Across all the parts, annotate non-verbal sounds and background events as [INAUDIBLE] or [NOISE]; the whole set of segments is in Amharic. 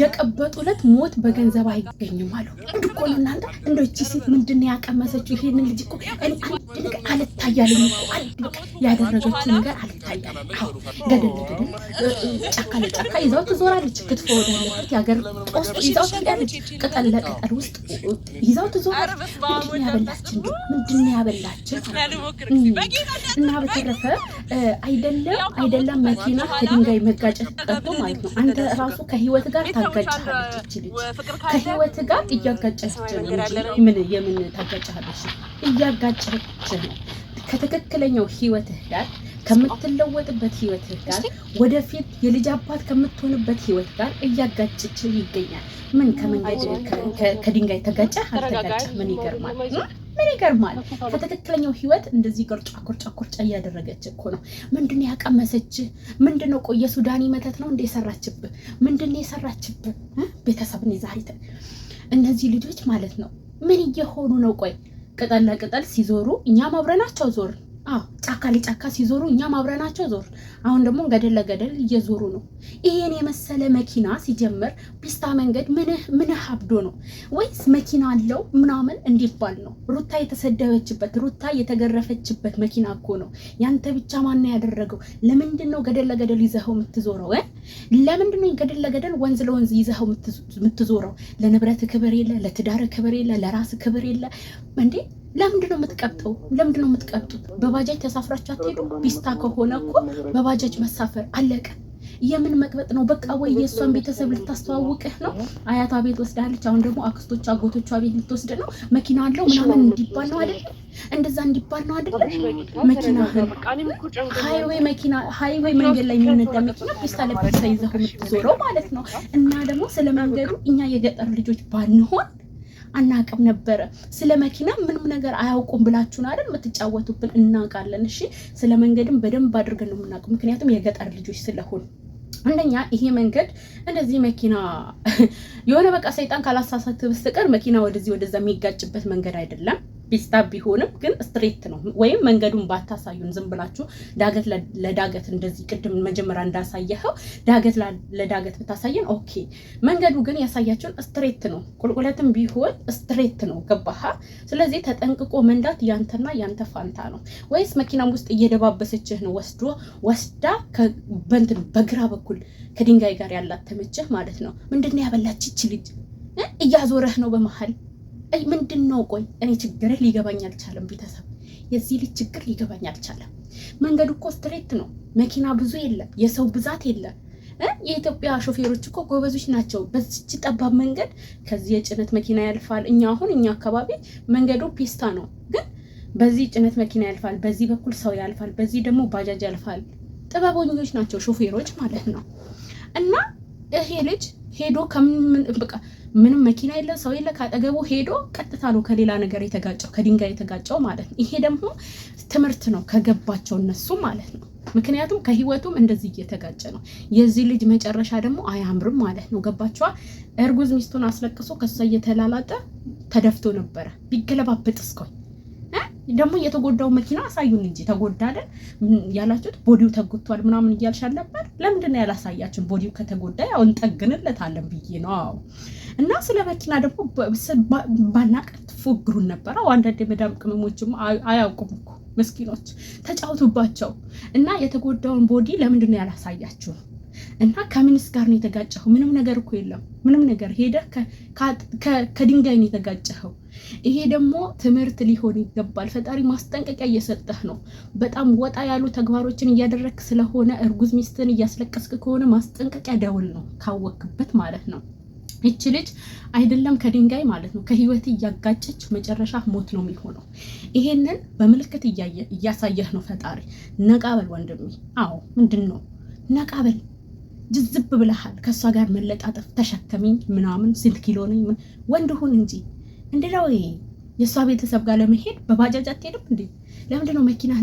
የቀበጡ ዕለት ሞት በገንዘብ አይገኝም አሉ። አንድ እኮ እናንተ እንደ እቺ ሴት ምንድን ያቀመሰችው ይሄንን ልጅ እኮ እኔ አንድ ነገር አልታያለኝ እኮ አንድ ያደረገችው ነገር አልታያለኝ። ገደል ገደል ጫካ ለጫካ ይዛው ትዞራለች። ክትፎ የሀገር ጦስ ትሄዳለች። ቅጠል ለቅጠል ውስጥ ትዞራለች። ምንድን ያበላችን ምንድን ያበላችን እና በተረፈ አይደለም አይደለም መኪና ከድንጋይ መጋጨት ቀርቶ ማለት ነው። አንተ ራሱ ከህይወት ጋር ታጋጭሃለች። ከህይወት ጋር እያጋጨች ነው። ምን የምን ታጋጭሃለች? እያጋጨች ነው ህይወትህ ጋር ከምትለወጥበት ህይወት ጋር ወደፊት የልጅ አባት ከምትሆንበት ህይወት ጋር እያጋጭች ይገኛል። ምን ከመንገድ ከድንጋይ ተጋጨ አልተጋጨ ምን ይገርማል? ምን ይገርማል? ከትክክለኛው ህይወት እንደዚህ ቅርጫ ቁርጫ ቁርጫ እያደረገች እኮ ነው። ምንድን ያቀመሰች ምንድን ነው? ቆየ ሱዳኒ መተት ነው እንደ የሰራችብ? ምንድን ነው የሰራችብ? ቤተሰብን ዛሬ እነዚህ ልጆች ማለት ነው ምን እየሆኑ ነው? ቆይ ቅጠል ለቅጠል ሲዞሩ እኛም አብረናቸው ዞርን። አዎ ጫካ ለጫካ ሲዞሩ እኛም አብረናቸው ዞር። አሁን ደግሞ ገደል ለገደል እየዞሩ ነው። ይሄን የመሰለ መኪና ሲጀምር ፒስታ መንገድ ምን ሀብዶ ነው ወይስ መኪና አለው ምናምን እንዲባል ነው። ሩታ የተሰደበችበት ሩታ የተገረፈችበት መኪና እኮ ነው። ያንተ ብቻ ማን ያደረገው? ለምንድን ነው ገደል ለገደል ይዘኸው የምትዞረው? ለምንድን ነው ገደል ለገደል ወንዝ ለወንዝ ይዘኸው የምትዞረው? ለንብረት ክብር የለ፣ ለትዳር ክብር የለ፣ ለራስ ክብር የለ እንዴ ለምንድን ነው የምትቀብተው? ለምንድን ነው የምትቀብጡት? በባጃጅ ተሳፍራችሁ አትሄዱ? ቢስታ ከሆነ እኮ በባጃጅ መሳፈር አለቀ። የምን መቅበጥ ነው? በቃ ወይ የእሷን ቤተሰብ ልታስተዋውቅህ ነው። አያቷ ቤት ወስዳለች። አሁን ደግሞ አክስቶቿ፣ አጎቶቿ ቤት ልትወስድ ነው። መኪና አለው ምናምን እንዲባል ነው አይደለ? እንደዛ እንዲባል ነው አይደል? መኪናህን መኪና መንገድ ላይ የሚነዳ መኪና ፒስታ ለፒስታ ይዘህ የምትዞረው ማለት ነው። እና ደግሞ ስለ መንገዱ እኛ የገጠር ልጆች ባንሆን አናቅም ነበረ። ስለ መኪና ምንም ነገር አያውቁም ብላችሁን አይደል የምትጫወቱብን? እናውቃለን። እሺ ስለ መንገድም በደንብ አድርገን ነው የምናውቀው፣ ምክንያቱም የገጠር ልጆች ስለሆን አንደኛ ይሄ መንገድ እንደዚህ መኪና የሆነ በቃ ሰይጣን ካላሳሳት በስተቀር መኪና ወደዚህ ወደዛ የሚጋጭበት መንገድ አይደለም። ቢስታ ቢሆንም ግን ስትሬት ነው። ወይም መንገዱን ባታሳዩን ዝም ብላችሁ ዳገት ለዳገት እንደዚህ ቅድም መጀመሪያ እንዳሳየኸው ዳገት ለዳገት ብታሳየን ኦኬ። መንገዱ ግን ያሳያችሁን ስትሬት ነው። ቁልቁለትም ቢሆን ስትሬት ነው። ገባሃ? ስለዚህ ተጠንቅቆ መንዳት ያንተና ያንተ ፋንታ ነው። ወይስ መኪናም ውስጥ እየደባበሰችህ ነው ወስዶ ወስዳ በንትን በግራ በኩል ከድንጋይ ጋር ተመችህ ማለት ነው። ምንድን ነው ያበላች ልጅ እያዞረህ ነው በመሀል ምንድን ነው? ቆይ እኔ ችግር ሊገባኝ አልቻለም። ቤተሰብ የዚህ ልጅ ችግር ሊገባኝ አልቻለም። መንገዱ እኮ ስትሬት ነው። መኪና ብዙ የለም፣ የሰው ብዛት የለም። የኢትዮጵያ ሾፌሮች እኮ ጎበዞች ናቸው። በዚች ጠባብ መንገድ ከዚህ የጭነት መኪና ያልፋል። እኛ አሁን እኛ አካባቢ መንገዱ ፒስታ ነው፣ ግን በዚህ ጭነት መኪና ያልፋል፣ በዚህ በኩል ሰው ያልፋል፣ በዚህ ደግሞ ባጃጅ ያልፋል። ጥበበኞች ናቸው ሾፌሮች ማለት ነው። እና ይሄ ልጅ ሄዶ ከምን በቃ ምንም መኪና የለ፣ ሰው የለ። ካጠገቡ ሄዶ ቀጥታ ነው ከሌላ ነገር የተጋጨው ከድንጋይ የተጋጨው ማለት ነው። ይሄ ደግሞ ትምህርት ነው ከገባቸው እነሱ ማለት ነው። ምክንያቱም ከህይወቱም እንደዚህ እየተጋጨ ነው። የዚህ ልጅ መጨረሻ ደግሞ አያምርም ማለት ነው። ገባችኋ? እርጉዝ ሚስቱን አስለቅሶ ከሷ እየተላላጠ ተደፍቶ ነበረ። ቢገለባበጥ እስኮይ ደግሞ የተጎዳው መኪና አሳዩን እንጂ ተጎዳ አይደል ያላችሁት፣ ቦዲው ተጎድቷል ምናምን እያልሻል ነበር። ለምንድን ነው ያላሳያችን? ቦዲው ከተጎዳ ያው እንጠግንለታለን ብዬ ነው። እና ስለ መኪና ደግሞ ባናቀት ትፎግሩን ነበረ። አንዳንድ የመዳም ቅመሞችም አያውቁም እኮ ምስኪኖች፣ ተጫውቱባቸው እና የተጎዳውን ቦዲ ለምንድን ነው ያላሳያችሁ? እና ከምንስ ጋር ነው የተጋጨኸው? ምንም ነገር እኮ የለም። ምንም ነገር ሄደህ ከድንጋይ ነው የተጋጨኸው። ይሄ ደግሞ ትምህርት ሊሆን ይገባል። ፈጣሪ ማስጠንቀቂያ እየሰጠህ ነው። በጣም ወጣ ያሉ ተግባሮችን እያደረግ ስለሆነ እርጉዝ ሚስትን እያስለቀስክ ከሆነ ማስጠንቀቂያ ደውል ነው፣ ካወክበት ማለት ነው። ይቺ ልጅ አይደለም ከድንጋይ ማለት ነው ከህይወት እያጋጨች መጨረሻ ሞት ነው የሚሆነው። ይሄንን በምልክት እያሳየህ ነው ፈጣሪ። ነቃበል ወንድሜ። አዎ ምንድን ነው ነቃበል ጅዝብ ብለሃል፣ ከእሷ ጋር መለጣጠፍ ተሸከሚኝ ምናምን ስንት ኪሎ ነኝ ወንድ ሁን እንጂ እንደው የእሷ ቤተሰብ ጋር ለመሄድ በባጃጅ አትሄድም እንዴ? ለምንድን ነው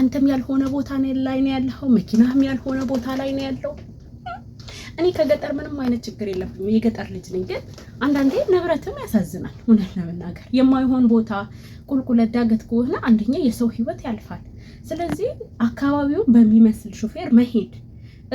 አንተም ያልሆነ ቦታ ላይ ነው ያለው፣ መኪናህም ያልሆነ ቦታ ላይ ነው ያለው። እኔ ከገጠር ምንም አይነት ችግር የለብኝም፣ የገጠር ልጅ ነኝ። ግን አንዳንዴ ንብረትም ያሳዝናል። እውነት ለመናገር የማይሆን ቦታ ቁልቁለት ዳገት ከሆነ አንደኛ የሰው ህይወት ያልፋል። ስለዚህ አካባቢውን በሚመስል ሹፌር መሄድ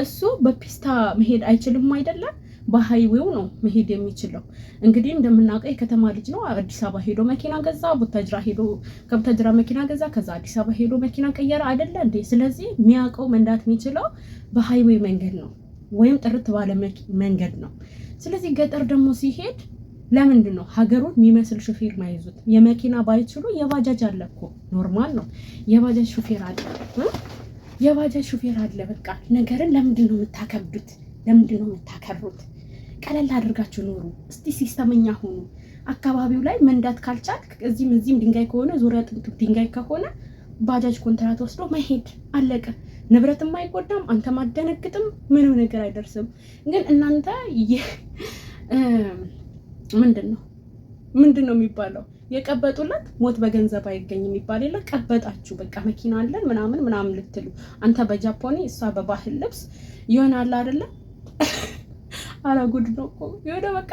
እሱ በፒስታ መሄድ አይችልም አይደለም በሀይዌው ነው መሄድ የሚችለው። እንግዲህ እንደምናውቀው የከተማ ልጅ ነው። አዲስ አበባ ሄዶ መኪና ገዛ፣ ቡታጅራ ሄዶ ከቡታጅራ መኪና ገዛ፣ ከዛ አዲስ አበባ ሄዶ መኪና ቀየረ አይደለ እንዴ? ስለዚህ የሚያውቀው መንዳት የሚችለው በሀይዌይ መንገድ ነው፣ ወይም ጥርት ባለ መንገድ ነው። ስለዚህ ገጠር ደግሞ ሲሄድ ለምንድን ነው ሀገሩን የሚመስል ሹፌር ማይዙት? የመኪና ባይችሉ የባጃጅ አለ እኮ ኖርማል ነው። የባጃጅ ሹፌር አለ የባጃጅ ሹፌር አለ። በቃ ነገርን ለምንድን ነው የምታከብዱት? ለምንድን ነው የምታከብሩት? ቀለል አድርጋችሁ ኖሩ። እስቲ ሲስተመኛ ሆኑ። አካባቢው ላይ መንዳት ካልቻል እዚህም እዚህም ድንጋይ ከሆነ ዙሪያ ጥንቱ ድንጋይ ከሆነ ባጃጅ ኮንትራት ወስዶ መሄድ አለቀ። ንብረትም አይጎዳም፣ አንተም አደነግጥም፣ ምንም ነገር አይደርስም። ግን እናንተ ምንድን ነው ምንድን ነው የሚባለው የቀበጡለት ሞት በገንዘብ አይገኝ የሚባል የለ። ቀበጣችሁ በቃ መኪና አለን ምናምን ምናምን ልትሉ አንተ በጃፖኒ እሷ በባህል ልብስ ይሆናል አይደለ? [LAUGHS] አላጉድ ነው እኮ የሆነ በቃ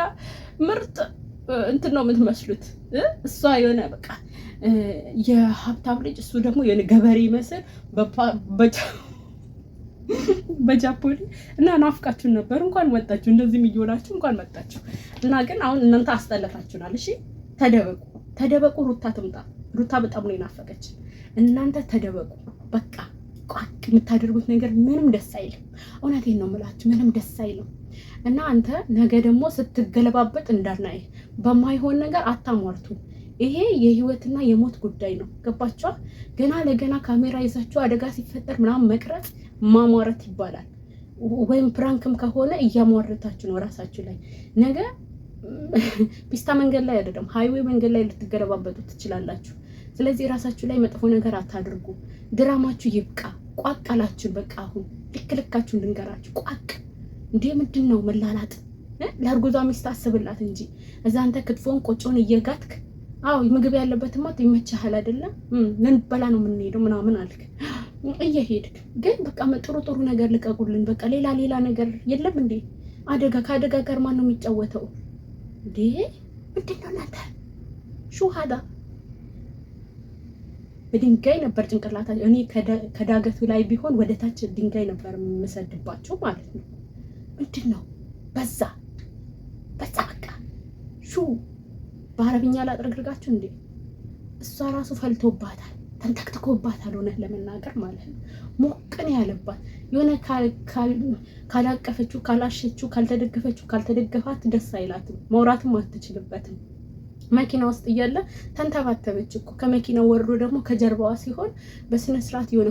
ምርጥ እንትን ነው የምትመስሉት። እሷ የሆነ በቃ የሀብታም ልጅ እሱ ደግሞ የሆነ ገበሬ ይመስል [LAUGHS] በጃፖኒ እና ናፍቃችሁን ነበር። እንኳን መጣችሁ፣ እንደዚህም እየሆናችሁ እንኳን መጣችሁ እና ግን አሁን እናንተ አስጠለታችሁናል። እሺ ተደበቁ ተደበቁ። ሩታ ትምጣ። ሩታ በጣም ነው የናፈቀች። እናንተ ተደበቁ በቃ። ቋቅ የምታደርጉት ነገር ምንም ደስ አይልም። እውነቴን ነው የምላችሁ፣ ምንም ደስ አይልም። እና አንተ ነገ ደግሞ ስትገለባበጥ እንዳናይ በማይሆን ነገር አታሟርቱ። ይሄ የህይወትና የሞት ጉዳይ ነው። ገባችኋ? ገና ለገና ካሜራ ይዛችሁ አደጋ ሲፈጠር ምናምን መቅረጽ ማሟረት ይባላል። ወይም ፕራንክም ከሆነ እያሟረታችሁ ነው ራሳችሁ ላይ ነገ ፒስታ መንገድ ላይ አይደለም ሃይዌ መንገድ ላይ ልትገለባበጡ ትችላላችሁ። ስለዚህ ራሳችሁ ላይ መጥፎ ነገር አታድርጉ። ድራማችሁ ይብቃ። ቋቅ በቃ አሁን ልክ ልካችሁ እንድንገራችሁ ቋቅ። እንዴ ምንድን ነው መላላጥ? ለእርጉዟ ሚስት አስብላት እንጂ እዛ አንተ ክትፎን ቆጮን እየጋትክ አዎ ምግብ ያለበት ማት ይመቻሃል አይደለም ልንበላ ነው የምንሄደው ምናምን አልክ እየሄድክ ግን በቃ ጥሩ ጥሩ ነገር ልቀቁልን። በቃ ሌላ ሌላ ነገር የለም እንዴ? አደጋ ከአደጋ ጋር ማን ነው የሚጫወተው? እንዴ ምንድን ነው እናንተ ሹሃዳ በድንጋይ ነበር ጭንቅላታቸው እኔ ከዳገቱ ላይ ቢሆን ወደ ታች ድንጋይ ነበር የምሰድባቸው ማለት ነው። ምንድን ነው በዛ በዛ በቃ ሹ በአረብኛ ላጥረግርጋችሁ እንዴ እሷ ራሱ ፈልቶባታል፣ ተንተክትኮባታል። እውነት ለመናገር ማለት ነው ሞቅን ያለባት የሆነ ካላቀፈችው፣ ካላሸችው፣ ካልተደገፈችው፣ ካልተደገፋት ደስ አይላትም። መውራትም አትችልበትም። መኪና ውስጥ እያለ ተንተባተበች እኮ ከመኪናው ወርዶ ደግሞ ከጀርባዋ ሲሆን በስነ ስርዓት የሆነ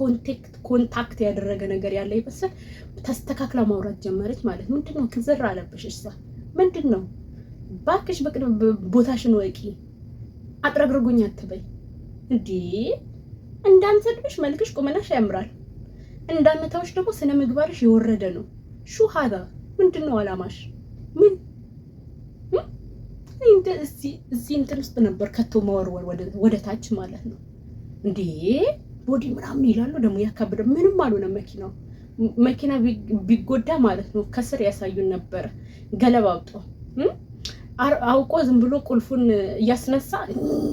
ኮንታክት ኮንታክት ያደረገ ነገር ያለ ይመስል ተስተካክላ ማውራት ጀመረች ማለት ምንድን ነው ክዝር አለብሽ እሷ ምንድን ነው ባክሽ በቅድ ቦታሽን ወቂ አጥረግርጉኝ አትበይ እንዲህ እንዳንሰድብሽ መልክሽ ቁመናሽ ያምራል እንዳመታዎች ደግሞ ስነ ምግባርሽ የወረደ ነው። ሹ ሀዛ ምንድን ነው አላማሽ? ምን እዚህ እንትን ውስጥ ነበር ከቶ መወርወር ወደ ታች ማለት ነው እንዴ ቦዲ ምናምን ይላሉ ደግሞ ያካብደ ምንም አልሆነ መኪናው መኪና ቢጎዳ ማለት ነው ከስር ያሳዩን ነበረ ገለባ አውጣው አውቆ ዝም ብሎ ቁልፉን እያስነሳ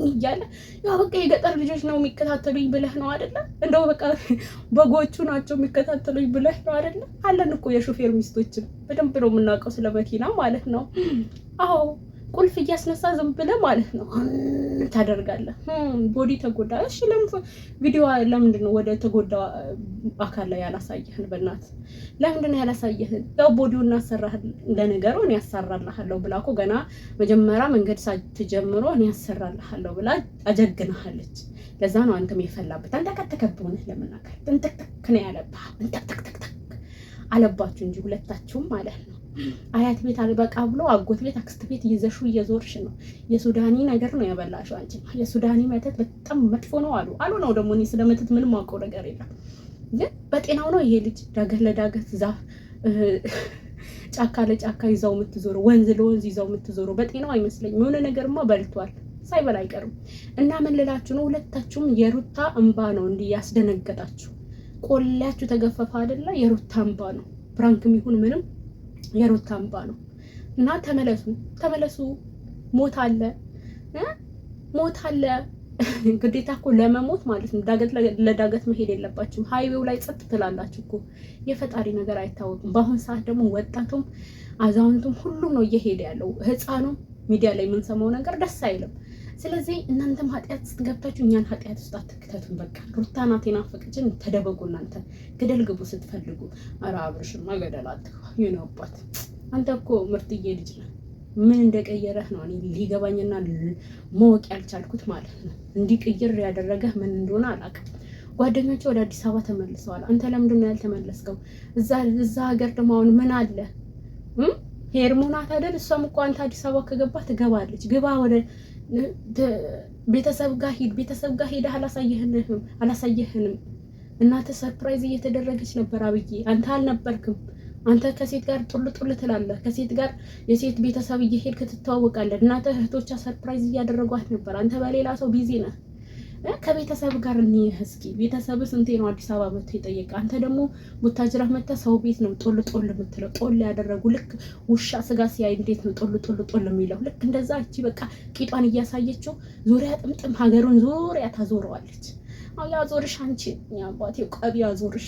እያለ ያው በቃ የገጠር ልጆች ነው የሚከታተሉኝ ብለህ ነው አደለ? እንደው በቃ በጎቹ ናቸው የሚከታተሉኝ ብለህ ነው አደለ? አለን እኮ የሾፌር ሚስቶችን በደንብ ነው የምናውቀው፣ ስለ መኪና ማለት ነው። አዎ ቁልፍ እያስነሳ ዝም ብለህ ማለት ነው ታደርጋለህ። ቦዲ ተጎዳ። እሺ ለምን ቪዲዮ ለምንድን ነው ወደ ተጎዳ አካል ላይ ያላሳየህን? በእናትህ ለምንድን ነው ያላሳየህን? ያው ቦዲውን እናሰራህ ለነገሩ እኔ ያሰራልሃለሁ ብላ እኮ ገና መጀመሪያ መንገድ ሳትጀምሮ እኔ ያሰራልሃለሁ ብላ አጀግናሃለች። ለዛ ነው አንተም የፈላበት አንተከተከብህ። እውነት ለመናገር ጥንጥቅጥክ ነው ያለብህ። ጥንጥቅጥቅጥቅ አለባችሁ እንጂ ሁለታችሁም ማለት ነው። አያት ቤት አልበቃ ብሎ አጎት ቤት አክስት ቤት ይዘሹ እየዞርሽ ነው። የሱዳኒ ነገር ነው ያበላሸው አንቺ። የሱዳኒ መተት በጣም መጥፎ ነው አሉ አሉ ነው ደግሞ። እኔ ስለ መተት ምንም አውቀው ነገር የለም፣ ግን በጤናው ነው ይሄ ልጅ ዳገት ለዳገት ዛፍ [LAUGHS] ጫካ ለጫካ ይዛው የምትዞሩ ወንዝ ለወንዝ ይዛው የምትዞሩ በጤናው አይመስለኝም። የሆነ ነገርማ በልቷል፣ ሳይበል አይቀርም። እና ምን ልላችሁ ነው፣ ሁለታችሁም የሩታ እንባ ነው እንዲህ ያስደነገጣችሁ። ቆላችሁ ተገፈፈ አይደለ? የሩታ እንባ ነው። ፕራንክም ይሁን ምንም የሩታ እንባ ነው እና ተመለሱ፣ ተመለሱ። ሞት አለ፣ ሞት አለ። [LAUGHS] ግዴታ እኮ ለመሞት ማለት ነው። ዳገት ለዳገት መሄድ የለባችሁም። ሀይዌው ላይ ጸጥ ትላላችሁ እኮ። የፈጣሪ ነገር አይታወቅም። በአሁን ሰዓት ደግሞ ወጣቱም አዛውንቱም ሁሉም ነው እየሄደ ያለው። ህፃኑ ሚዲያ ላይ የምንሰማው ነገር ደስ አይልም። ስለዚህ እናንተም ኃጢአት ስትገብታችሁ እኛን ኃጢአት ውስጥ አትክተቱን። በቃ ሩታ ናቴና ፈቅጅን ተደበቁ። እናንተ ገደል ግቡ ስትፈልጉ። ኧረ አብርሽማ ገደል አትግባ አንተ እኮ ምርጥዬ ልጅ ነህ። ምን እንደቀየረህ ነው እኔ ሊገባኝና መወቅ ያልቻልኩት ማለት ነው። እንዲህ ቅይር ያደረገህ ምን እንደሆነ አላውቅም። ጓደኞቼ ወደ አዲስ አበባ ተመልሰዋል። አንተ ለምንድን ነው ያልተመለስከው? እዛ ሀገር ደግሞ አሁን ምን አለ? ሄርሞናት አይደል? እሷም እኮ አንተ አዲስ አበባ ከገባ ትገባለች። ግባ ወደ ቤተሰብ ጋር ሂድ፣ ቤተሰብ ጋር ሂደህ አላሳየህንም አላሳየህንም። እናተ ሰርፕራይዝ እየተደረገች ነበር። አብዬ አንተ አልነበርክም። አንተ ከሴት ጋር ጡል ጡል ትላለህ። ከሴት ጋር የሴት ቤተሰብ እየሄድክ ትተዋወቃለህ። እናተ እህቶቿ ሰርፕራይዝ እያደረጓት ነበር። አንተ በሌላ ሰው ቢዚ ነህ። ከቤተሰብ ጋር እንይህ እስኪ ቤተሰብ ስንቴ ነው አዲስ አበባ መጥቶ የጠየቀ? አንተ ደግሞ ቡታጅራ መጥተህ ሰው ቤት ነው ጦል ጦል የምትለው። ጦል ያደረጉ ልክ ውሻ ስጋ ሲያይ እንዴት ነው ጦል ጦል ጦል የሚለው? ልክ እንደዛ እቺ በቃ ቂጧን እያሳየችው ዙሪያ ጥምጥም ሀገሩን ዙሪያ ታዞረዋለች። ያዞርሽ አንቺ አባቴ ቀቢ ያዞርሽ።